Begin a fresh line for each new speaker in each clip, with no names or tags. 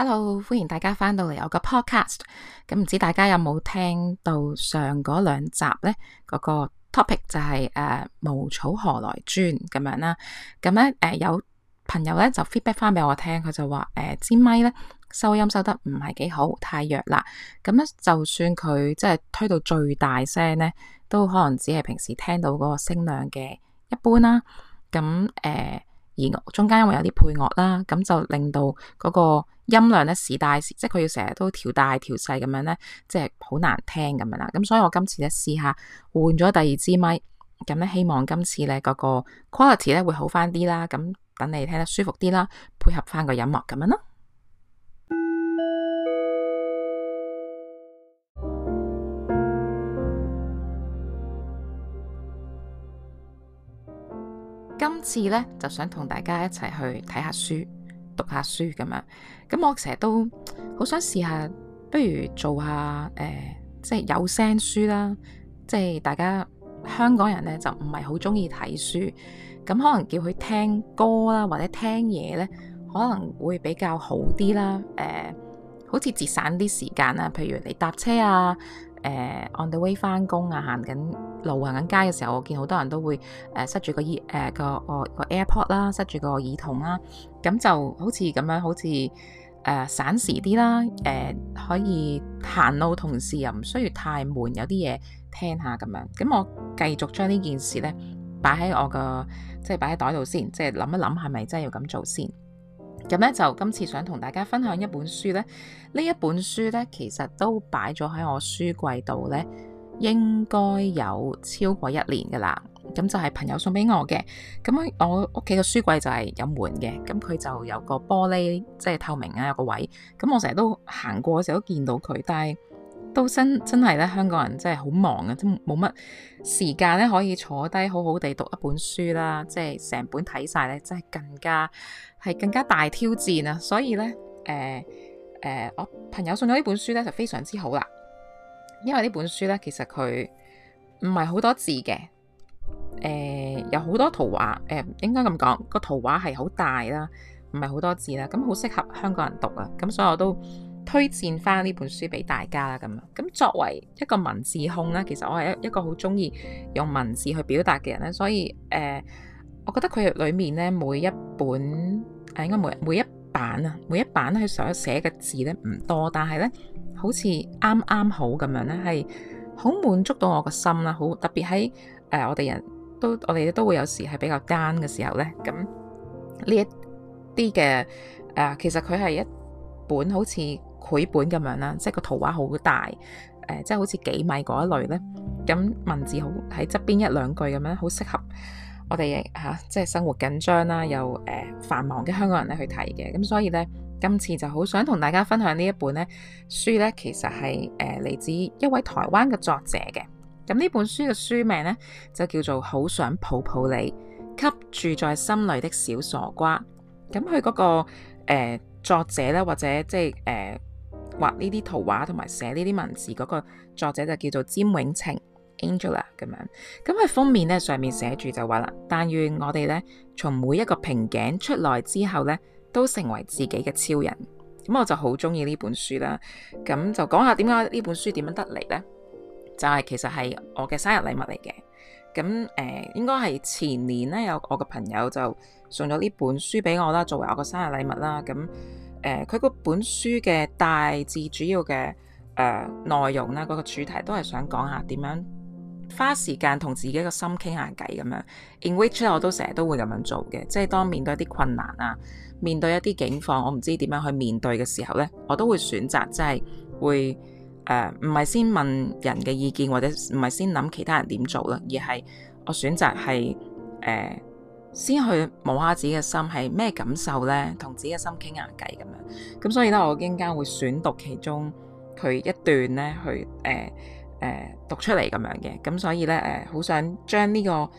Hello，歡迎大家翻到嚟我個 podcast。咁、嗯、唔知大家有冇聽到上嗰兩集咧？嗰、那個 topic 就係、是、誒、呃、無草何來磚咁樣啦、啊。咁咧誒有朋友咧就 feedback 翻畀我聽，佢就話誒、呃、支咪咧收音收得唔係幾好，太弱啦。咁、嗯、咧就算佢即係推到最大聲咧，都可能只係平時聽到嗰個聲量嘅一般啦。咁、嗯、誒。呃而中間因為有啲配樂啦，咁就令到嗰個音量咧時大時，即係佢要成日都調大調細咁樣咧，即係好難聽咁樣啦。咁所以我今次咧試下換咗第二支咪，咁咧希望今次咧嗰個 quality 咧會好翻啲啦。咁等你聽得舒服啲啦，配合翻個音樂咁樣咯。今次咧就想同大家一齊去睇下書、讀下書咁樣。咁我成日都好想試下，不如做下誒、呃，即係有聲書啦。即係大家香港人咧就唔係好中意睇書，咁可能叫佢聽歌啦，或者聽嘢咧，可能會比較好啲啦。誒、呃，好似節省啲時間啦，譬如你搭車啊。誒、uh，on the way 翻工啊，行緊路行緊街嘅時候，我見好多人都會誒塞住個耳誒個個個 AirPod 啦，塞住個、呃個、個、個啊、個耳筒啦、啊，咁就好似咁樣，好似誒、呃、省時啲啦，誒、呃、可以行路同時又唔需要太悶，有啲嘢聽下咁樣。咁我繼續將呢件事咧擺喺我個即係擺喺袋度先，即係諗一諗係咪真係要咁做先。咁咧就今次想同大家分享一本書咧，呢一本書咧其實都擺咗喺我書櫃度咧，應該有超過一年噶啦。咁就係朋友送俾我嘅。咁我屋企嘅書櫃就係有門嘅，咁佢就有個玻璃，即係透明啊，有個位。咁我成日都行過嘅時候都見到佢，但係，都真真係咧，香港人真係好忙啊，都冇乜時間咧可以坐低好好地讀一本書啦，即係成本睇晒咧，真係更加係更加大挑戰啊！所以咧，誒、呃、誒、呃，我朋友送咗呢本書咧就非常之好啦，因為呢本書咧其實佢唔係好多字嘅，誒、呃、有好多圖畫，誒、呃、應該咁講個圖畫係好大啦，唔係好多字啦，咁好適合香港人讀啊！咁所以我都。推薦翻呢本書俾大家啦，咁啊，咁作為一個文字控啦，其實我係一一個好中意用文字去表達嘅人咧，所以誒，我覺得佢入裏面咧每一本，誒應該每每一版啊，每一版咧，佢所寫嘅字咧唔多，但係咧好似啱啱好咁樣咧，係好滿足到我個心啦。好特別喺誒我哋人都我哋都會有時係比較 down 嘅時候咧，咁呢一啲嘅誒，其實佢係一本好似～繪本咁樣啦，即係個圖畫好大，誒、呃，即係好似幾米嗰一類咧。咁文字好喺側邊一兩句咁樣，好適合我哋吓、啊，即係生活緊張啦，又誒、呃、繁忙嘅香港人咧去睇嘅。咁所以咧，今次就好想同大家分享呢一本咧書咧，其實係誒嚟自一位台灣嘅作者嘅。咁呢本書嘅書名咧就叫做《好想抱抱你》，給住在心裡的小傻瓜。咁佢嗰個誒、呃、作者咧，或者即係誒。呃畫呢啲圖畫同埋寫呢啲文字嗰個作者就叫做詹永晴，Angela 咁樣，咁佢封面咧上面寫住就話啦，但願我哋咧從每一個瓶頸出來之後咧，都成為自己嘅超人。咁我就好中意呢本書啦，咁就講下點解呢本書點樣得嚟呢？就係其實係我嘅生日禮物嚟嘅，咁誒，應該係前年咧有我嘅朋友就送咗呢本書俾我啦，作為我嘅生日禮物啦，咁。佢嗰、呃、本書嘅大致主要嘅誒、呃、內容啦，嗰、那個主題都係想講下點樣花時間同自己個心傾下偈咁樣。In which 呢我都成日都會咁樣做嘅，即係當面對一啲困難啊，面對一啲境況，我唔知點樣去面對嘅時候呢，我都會選擇即係、就是、會誒，唔、呃、係先問人嘅意見或者唔係先諗其他人點做啦，而係我選擇係誒。呃先去摸下自己嘅心係咩感受咧，同自己嘅心傾下偈咁樣。咁所以咧，我今朝會選讀其中佢一段咧去誒誒、呃呃、讀出嚟咁樣嘅。咁所以咧誒，好、呃、想將呢、這個誒呢、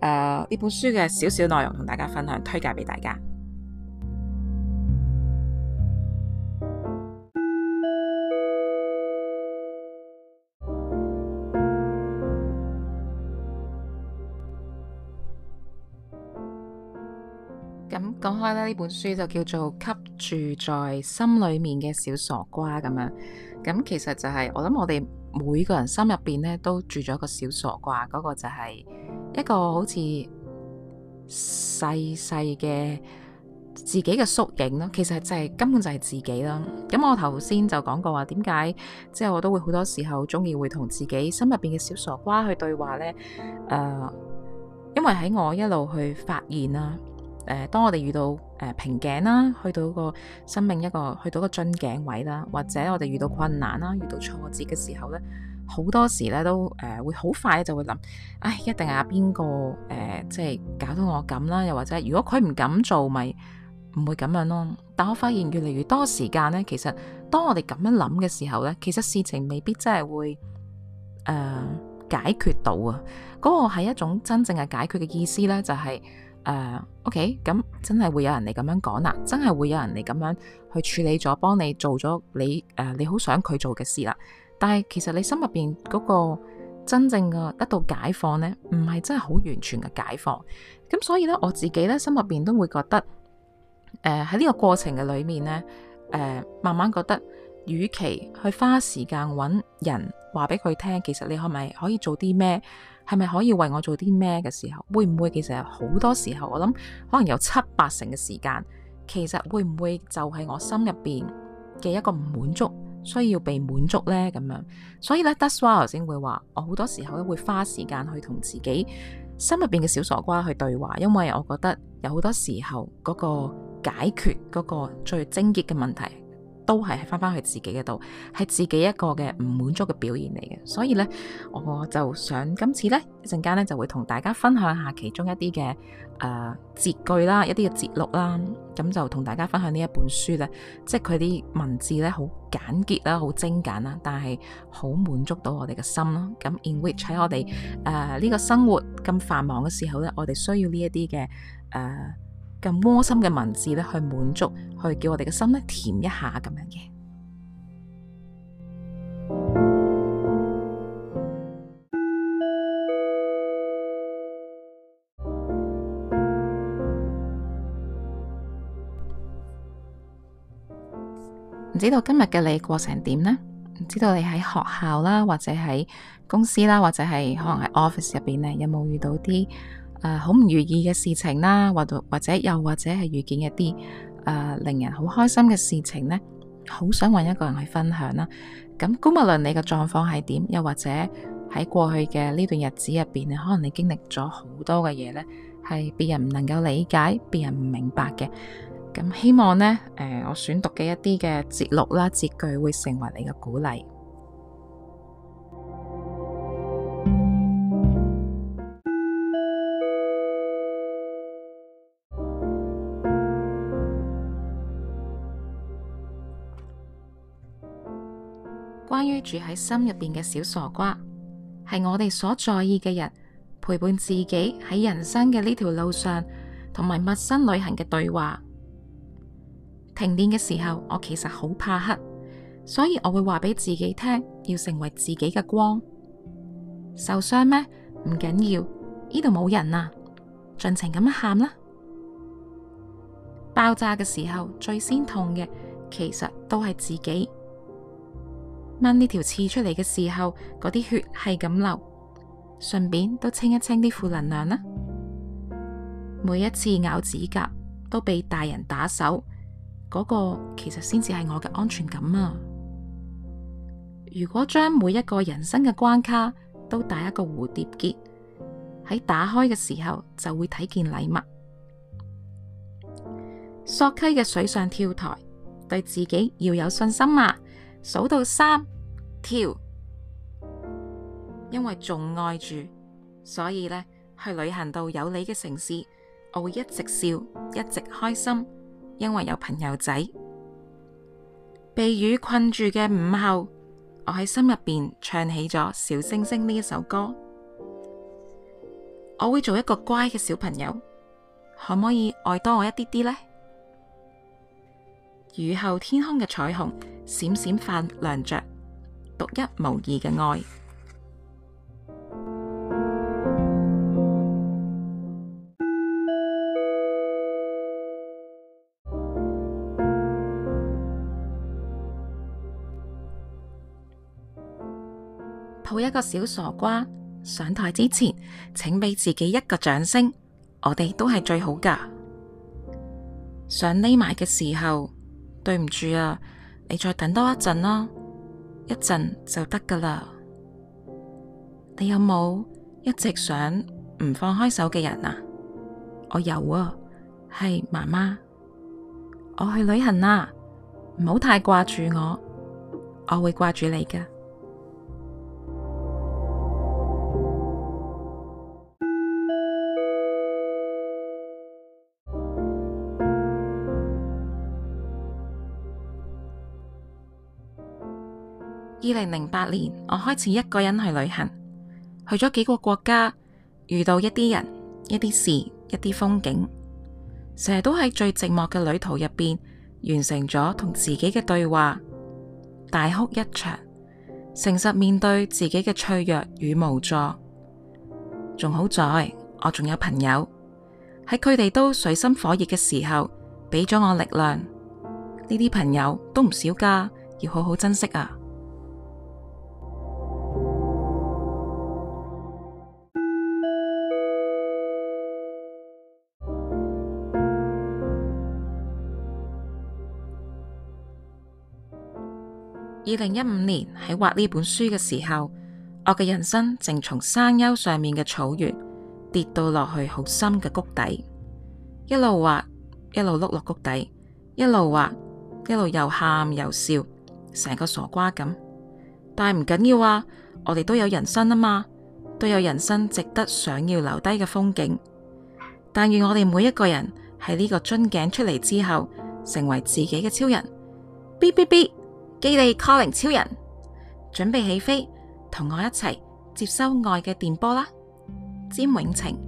呃、本書嘅少少內容同大家分享，推介俾大家。咁講開咧，呢本書就叫做《給住在心裏面嘅小傻瓜》咁樣。咁其實就係我諗，我哋每個人心入邊咧都住咗一個小傻瓜，嗰，那個就係一個好似細細嘅自己嘅縮影咯。其實就係，是，根本就係自己啦。咁我頭先就講過話，點解即係我都會好多時候中意會同自己心入邊嘅小傻瓜去對話呢。誒，呃，因為喺我一路去發現啦。誒，當我哋遇到誒瓶頸啦，去到個生命一個去到個樽頸位啦，或者我哋遇到困難啦，遇到挫折嘅時候咧，好多時咧都誒、呃、會好快就會諗，唉，一定係邊個誒即係搞到我咁啦，又或者如果佢唔敢做，咪唔會咁樣咯。但我發現越嚟越多時間咧，其實當我哋咁樣諗嘅時候咧，其實事情未必真係會誒、呃、解決到啊。嗰、那個係一種真正嘅解決嘅意思咧，就係、是。誒、uh，OK，咁真係會有人嚟，咁樣講啦，真係會有人嚟咁樣去處理咗，幫你做咗你誒，uh, 你好想佢做嘅事啦。但係其實你心入邊嗰個真正嘅得到解放呢，唔係真係好完全嘅解放。咁所以呢，我自己呢，心入邊都會覺得，誒喺呢個過程嘅裏面呢，誒、呃、慢慢覺得，與其去花時間搵人話俾佢聽，其實你可唔可以做啲咩？係咪可以為我做啲咩嘅時候？會唔會其實係好多時候？我諗可能有七八成嘅時間，其實會唔會就係我心入面嘅一個唔滿足，需要被滿足呢？咁樣？所以呢，That's why 頭先會話，我好多時候呢會花時間去同自己心入面嘅小傻瓜去對話，因為我覺得有好多時候嗰個解決嗰個最症結嘅問題。都係返返去自己嘅度，係自己一個嘅唔滿足嘅表現嚟嘅，所以呢，我就想今次呢，一陣間呢，就會同大家分享下其中一啲嘅誒節句啦，一啲嘅節錄啦，咁就同大家分享呢一本書呢，即係佢啲文字呢，好簡潔啦，好精簡啦，但係好滿足到我哋嘅心咯。咁 In which 喺我哋誒呢個生活咁繁忙嘅時候呢，我哋需要呢一啲嘅誒。呃咁窩心嘅文字咧，去滿足，去叫我哋嘅心咧填一下咁樣嘅。唔知道今日嘅你過成點呢？唔知道你喺學校啦，或者喺公司啦，或者係可能喺 office 入邊呢，有冇遇到啲好唔、呃、如意嘅事情啦，或者又或者係遇見一啲、呃、令人好開心嘅事情呢，好想揾一個人去分享啦。咁、嗯，無論你嘅狀況係點，又或者喺過去嘅呢段日子入邊，可能你經歷咗好多嘅嘢呢，係別人唔能夠理解，別人唔明白嘅。咁、嗯、希望呢，誒、呃，我選讀嘅一啲嘅節錄啦、節句，會成為你嘅鼓勵。關於住喺心入邊嘅小傻瓜，係我哋所在意嘅人，陪伴自己喺人生嘅呢條路上，同埋陌生旅行嘅對話。停電嘅時候，我其實好怕黑，所以我會話俾自己聽，要成為自己嘅光。受傷咩？唔緊要，呢度冇人啊，盡情咁樣喊啦！爆炸嘅時候，最先痛嘅其實都係自己。掹呢條刺出嚟嘅時候，嗰啲血係咁流，順便都清一清啲負能量啦。每一次咬指甲都被大人打手，嗰個其實先至係我嘅安全感啊！如果將每一個人生嘅關卡都打一個蝴蝶結，喺打開嘅時候就會睇見禮物。索溪嘅水上跳台，對自己要有信心啊！數到三，跳！因為仲愛住，所以呢，去旅行到有你嘅城市，我會一直笑，一直開心，因為有朋友仔。被雨困住嘅午後，我喺心入邊唱起咗《小星星》呢一首歌。我會做一個乖嘅小朋友，可唔可以愛多我一啲啲呢？雨後天空嘅彩虹，閃閃泛亮着，獨一無二嘅愛。抱一個小傻瓜，上台之前，請畀自己一個掌聲，我哋都係最好噶。想匿埋嘅時候。對唔住啊，你再等多一陣啦，一陣就得噶啦。你有冇一直想唔放開手嘅人啊？我有啊，係媽媽，我去旅行啦，唔好太掛住我，我會掛住你噶。二零零八年，我開始一個人去旅行，去咗幾個國家，遇到一啲人、一啲事、一啲風景，成日都喺最寂寞嘅旅途入邊完成咗同自己嘅對話，大哭一場，誠實面對自己嘅脆弱與無助。仲好在，我仲有朋友喺佢哋都水深火熱嘅時候，俾咗我力量。呢啲朋友都唔少㗎，要好好珍惜啊！二零一五年喺畫呢本書嘅時候，我嘅人生正從山丘上面嘅草原跌到落去好深嘅谷底，一路畫一路碌落谷底，一路畫一路又喊又笑，成個傻瓜咁。但係唔緊要啊，我哋都有人生啊嘛，都有人生值得想要留低嘅風景。但願我哋每一個人喺呢個樽頸出嚟之後，成為自己嘅超人。嗶嗶嗶。基地 Calling 超人，準備起飛，同我一齊接收愛嘅電波啦！詹永晴，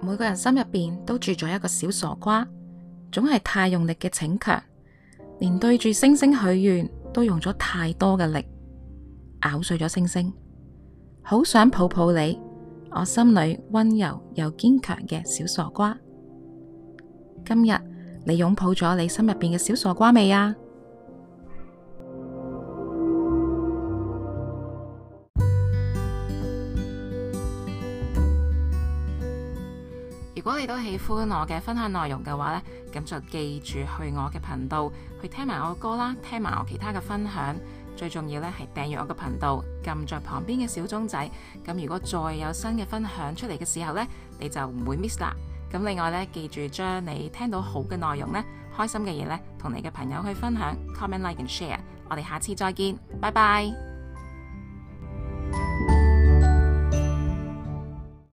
每個人心入邊都住咗一個小傻瓜，總係太用力嘅逞強，連對住星星許願。都用咗太多嘅力，咬碎咗星星。好想抱抱你，我心裏溫柔又堅強嘅小傻瓜。今日你擁抱咗你心入邊嘅小傻瓜未啊？你都喜歡我嘅分享內容嘅話呢，咁就記住去我嘅頻道去聽埋我歌啦，聽埋我其他嘅分享。最重要呢係訂閱我嘅頻道，撳着旁邊嘅小鐘仔。咁如果再有新嘅分享出嚟嘅時候呢，你就唔會 miss 啦。咁另外呢，記住將你聽到好嘅內容呢，開心嘅嘢呢，同你嘅朋友去分享，comment like and share。我哋下次再見，拜拜。